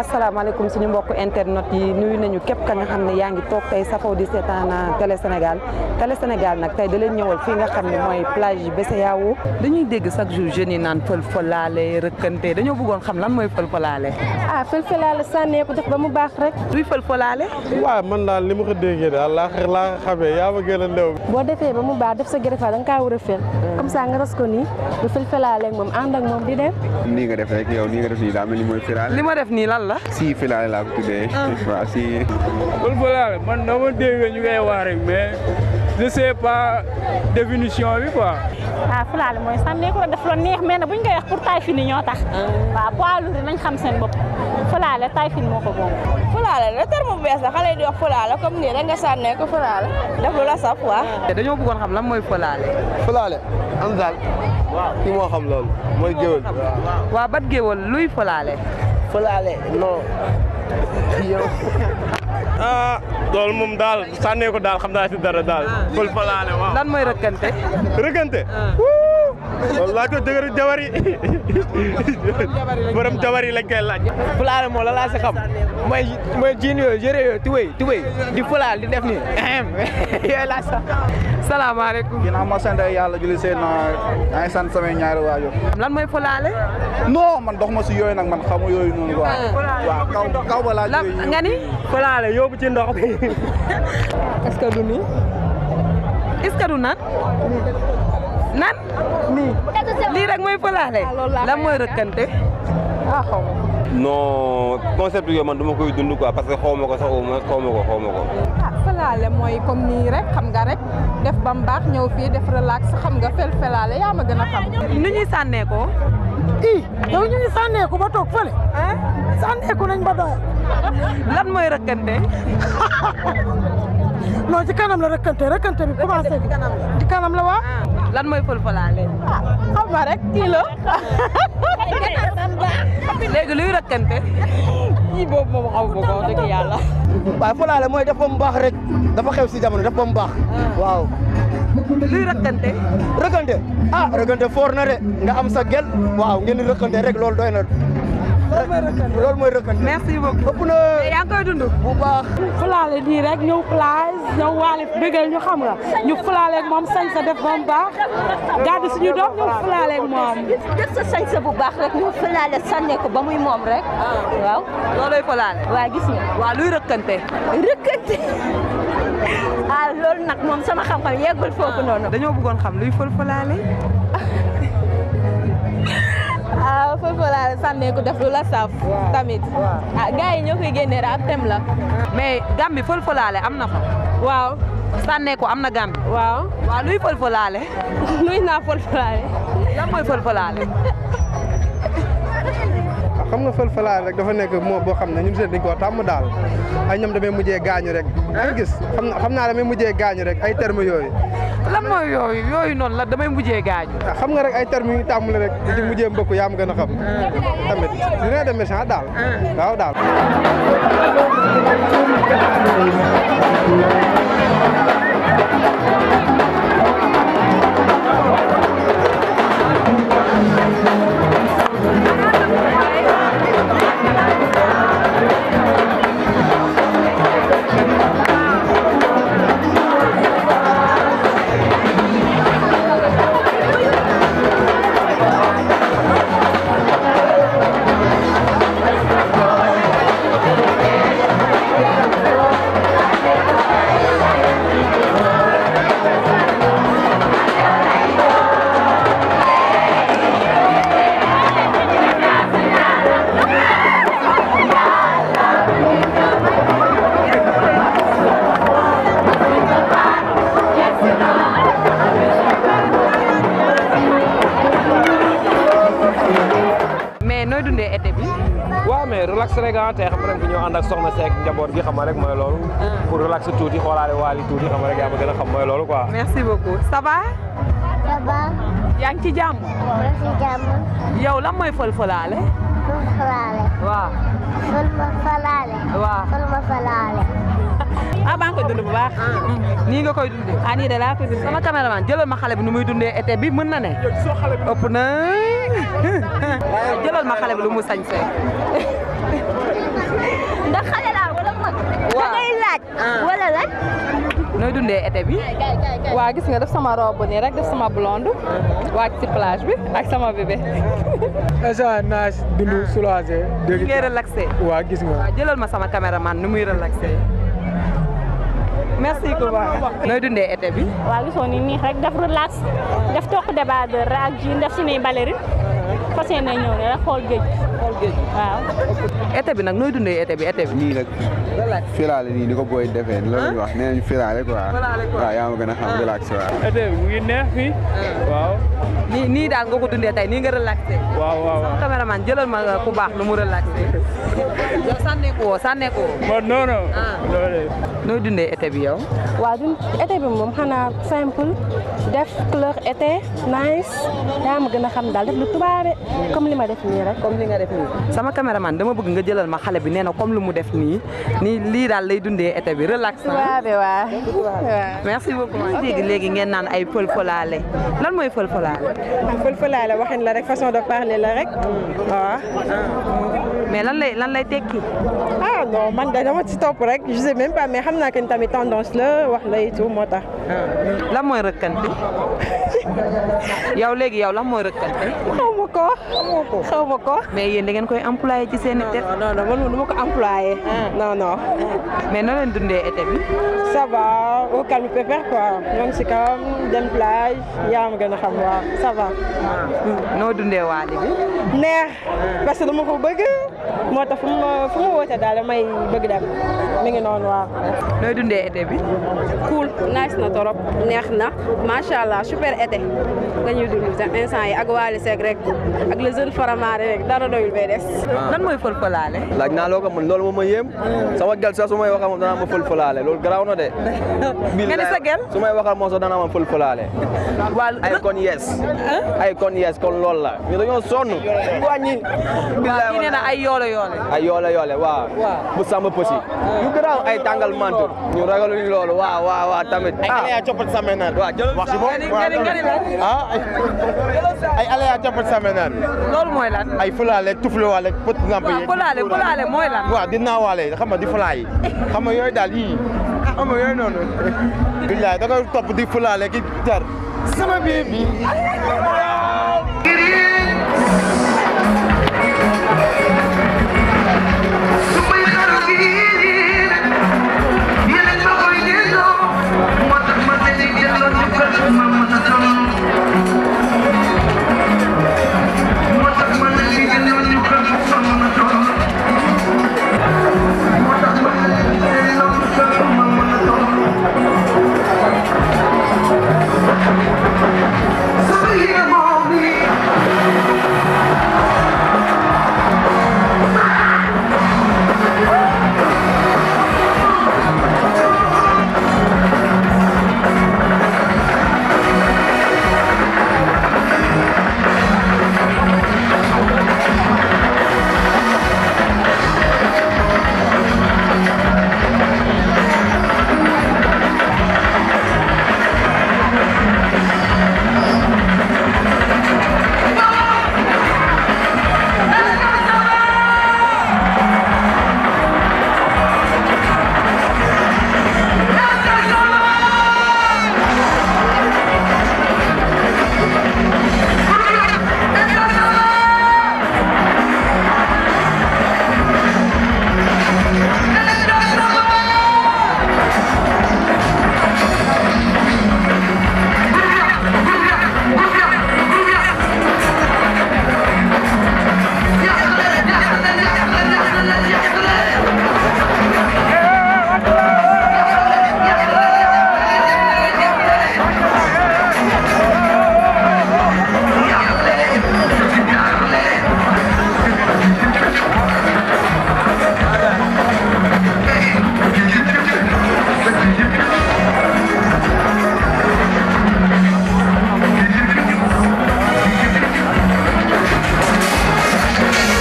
asalaamaaleykum suñu mbokk internet yi nuyu nañu képp ka nga xam ne yaa ngi toog tey safoo di seetaan télé Sénégal télé Sénégal nag tey da ñëwal fii nga xam ne mooy plage yi Besseyaawo dañuy dégg chaque jour jeunes yi naan fël-fëlaale rëkkante dañoo bëggoon xam lan mooy fël-fëlaale ah fël-fëlaale sànnee ko def ba mu baax rek duy fël-fëlaale waaw man daal li ma ko déggee daal laa laa xamee yaa ma gën a boo defee ba mu baax def sa gërëfa da nga kaa war a fel hmm. comme ça nga ras ko nii li ma def nii lan lan la. filaale laa ko tuddee. Ah. waaw si. loolu balaa man dama dégg ñu koy wax rek mais je sais pas définition bi quoi. ah filaale mooy sànni ko def la neex mais nag bu ñu koy wax pour Taïfine ñoo tax. Ah. waaw poids lourd nañ xam seen ko moom. filaale la terme bu bees la xale yi di wax filaale comme nii rek def lu la saf waaw. Ah, dañoo bëggoon xam lan mooy filaale. filaale am daal. luy filaale. fëlaale non yow. ah loolu moom daal sànnee ko daal xam naa ci dara daal. fël ah. fëlaale waaw lan mooy rëkkante. rëkkante. Ah. laaj ko jëkkëru jabar yi borom jabar yi lañ koy laaj. la laa si xam mooy mooy jiin yooyu yëre yooyu tubéy tubéy di fulaal di def nii yooyu laa sax. salaamaaleykum. ginnaaw ma sant yàlla julli seen naa ngi sant samay ñaari waajur. lan mooy fulaale. non man dox ma si yooyu nag man xamu yooyu noonu quoi. Ah. waaw kaw kaw ba laa jógee nga ni. fulaale yóbbu ci ndox bi. nan nii lii rek mooy fëlaale lan mooy rëkkante ah xaw ma concept yooyu man duma koy dund quoi parce que xaw ma ko xaw ma ko xaw ma ko ah mooy comme nii rek xam nga rek def ba mu baax ñëw fii def relax xam nga fel felaale yaa ma gën a xam nu ñuy sànnee ko i yow ñu sànnee ko ba toog fële sànnee ko nañ ba doyal lan mooy rëkkante non ci kanam la rëkkante rëkkante bi commencé ci kanam la waaw ah. lan mooy fël-fëlaale. ah xam nga rek kilo. léegi luy rëkkante. kii boobu moom xaw ko dëgg yàlla. waaw fëlaale mooy def ba baax rek dafa xew si jamono def ba mu baax. Ah. waaw. luy rëkkante. rëkkante ah rëkkante foor na de nga am sa gel waaw ngeen di rëkkante rek loolu doy na. loolu mooy rëkkal merci beaucoup ëpp na yaa ngi koy bu baax fulaale nii rek ñëw plage ñu xam nga ñu fulaale moom sañ sa def ba mu baax gàddu suñu doom ñëw fulaale moom def sa sañ bu baax rek ñu fulaale sànne ko ba muy moom rek ah. waaw looloy fulaale waaw gis nga waaw luy rëkkante rëkkante ah loolu nag moom sama xam-xam yeggul foofu ah. noonu dañoo bëggoon xam luy fël fulaale ah foofu laa la sànneeku def lu la saf. tamit ah gars yi ñoo koy génnee ak thème la. mais Gambie fël-fëlaale am na waaw sànneeku am na Gambie. waaw waaw luy fël-fëlaale. luy naa fël-fëlaale. lan fël-fëlaale. Ah, xam nga fël-fëlaale rek dafa nekk moo boo xam ne ñun seen dañ koo tàmm daal ay ñoom damay mujjee gaañu rek. nga gis xam naa damay mujjee gaañu rek ay termes yooyu. lan mooy yooyu yooyu noonu la damay mujjee gaañu. Ah, xam nga rek ay termes yu ñu la rek. di mujjee mbëkk yaa ma gën a xam. tamit dina de daal. Ah. waaw daal. ànd ak soxna Seck mooy loolu. Ah. pour relaxer tuuti xoolaale waali tuuti xam rek yaa ma a xam ci jàmm. yaa ngi ci jàmm. yow lan mooy fël ah, baax. Ah. Mm. nii nga koy dundee. ah nii de laa koy dundee sama caméraman jëlal ma xale bi nu muy dundee bi mën na ne. ëpp na ma xale bi lu mu sañ see. ndax xale laa wala mag. waaw da ngay laaj. Ah. wala laaj. nooy dundee été bi. waa gis nga def sama robe nii rek def sama blonde. Uh-huh. waaj ci plage bi ak sama bébé. esa naaj ah. dundu soulagé. dégg nga gis nga. jëlal ma sama caméraman nu muy relaxé. merci beaucoup. nooy dundee été bi. waa gisoo ni nii rek def relax def toq débardeur ak ji def suñuy ballerines. fas yéene ñëw ne rek xool géej xool géej waaw. été bi nag nooy dundee été bi été bi. nii nag filaale nii ni ko booy defee loolu la ñuy wax ah. nee waaw ma gën ah. ah. nii nii daal nga ko dundee tey nii nga relaxé. waaw waaw sama caméraman jëlal ma ku baax nu mu relaxé. yow sànnee ko woo sànnee ko woo. man nooy dundee été bi yow. waaw dund été bi simple def couleur été nice yaa ma gën a xam daal def lu tubaabe. comme li ma def nii rek. comme li nga def nii sama caméraman dama bëgg nga jëlal ma xale bi nee comme lu mu def nii nii lii daal lay dundee été bi relaxant. waaw waaw merci beaucoup. ok léegi léegi ngeen naan ay fël-fëlaale lan mooy fël-fëlaale. ah fël-fëlaale waxin la rek façon de parler la rek. waaw. Ah. mais lan lay lay tekki. ah non man de dama ci topp rek je mais xam naa que tamit tendance wax la et tout moo tax. lan mooy rëkkanti. yow léegi yow lan mooy rëkkante. xaw ma xaw ma ko xaw ma ko. mais yéen da koy employé ci seen été. non non man du ma ko employé. Ah. non non. mais na dundee été bi. ça va au calme pépère quoi ñoo ngi si kawam dem plage yaa ma gën a xam waaw ça va. Ah. noo dundee waale bi. neex parce que dama ko bëgg. moo ta fu ma fu ma wootee daal damay bëgg dem mi ngi noonu waaw. nooy bi. cool nice na torop neex na macha allah super été la ñuy dund instant yi ak Wally Seck rek ak le jeune Faramare rek dara doyul bay des. Ah. lan mooy fël-fëlaale. laaj naa loo ko man loolu moom ma yéem. Ah. sama gel sax su may waxal moom danaa ma fël-fëlaale loolu garaaw na de. nga ni sa gel su may waxal moom sax danaa ma fël-fëlaale. ay kon yes. Ah? ay kon yes kon loolu la ñu dañoo sonn. wàññi. bilaay yoole yoole ay ah, yoole yoole waaw bu sama pësi yu ah. garaaw ay tàngal mant ñu ragaluñu loolu waaw waaw tamit ay ah. aleya coppat sama naan waaw jël mooy lan ay fulaale tufluwaale pët ngamp yi fulaale fulaale mooy lan waaw di naawaale xam di fulaay xam nga yooyu yii xam nga yooyu noonu billaay da topp di fulaale ki jar sama bébé